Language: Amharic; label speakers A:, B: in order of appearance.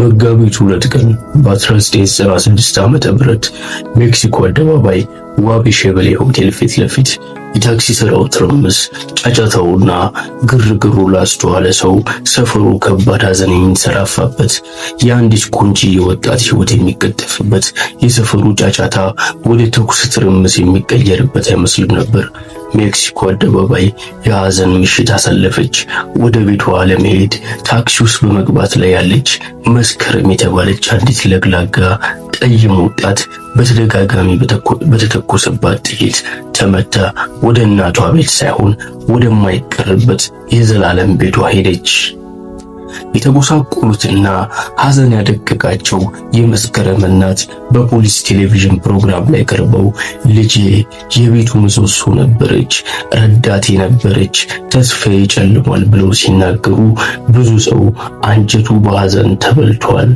A: መጋቢት ሁለት ቀን በ1996 ዓመተ ምህረት ሜክሲኮ አደባባይ ዋቢ ሸበሌ ሆቴል ፊት ለፊት የታክሲ ስራው ትርምስ፣ ጫጫታውና ግርግሩ ላስተዋለ ሰው ሰፈሩ ከባድ ሐዘን የሚንሰራፋበት የአንዲት ቁንጂ ወጣት ህይወት የሚቀጠፍበት የሰፈሩ ጫጫታ ወደ ተኩስ ትርምስ የሚቀየርበት አይመስልም ነበር። ሜክሲኮ አደባባይ የሐዘን ምሽት አሳለፈች። ወደ ቤቷ ለመሄድ ታክሲ ውስጥ በመግባት ላይ ያለች መስከረም የተባለች አንዲት ለግላጋ ጠይም ወጣት በተደጋጋሚ በተተኮሰባት ጥይት ተመታ። ወደ እናቷ ቤት ሳይሆን ወደማይቀርበት የዘላለም ቤቷ ሄደች። የተጎሳቆሉትና ሐዘን ያደቀቃቸው የመስከረም እናት በፖሊስ ቴሌቪዥን ፕሮግራም ላይ ቀርበው ልጄ የቤቱ ምሰሶ ነበረች፣ ረዳቴ ነበረች፣ ተስፋዬ ጨልሟል ብለው ሲናገሩ ብዙ ሰው አንጀቱ በሐዘን ተበልቷል።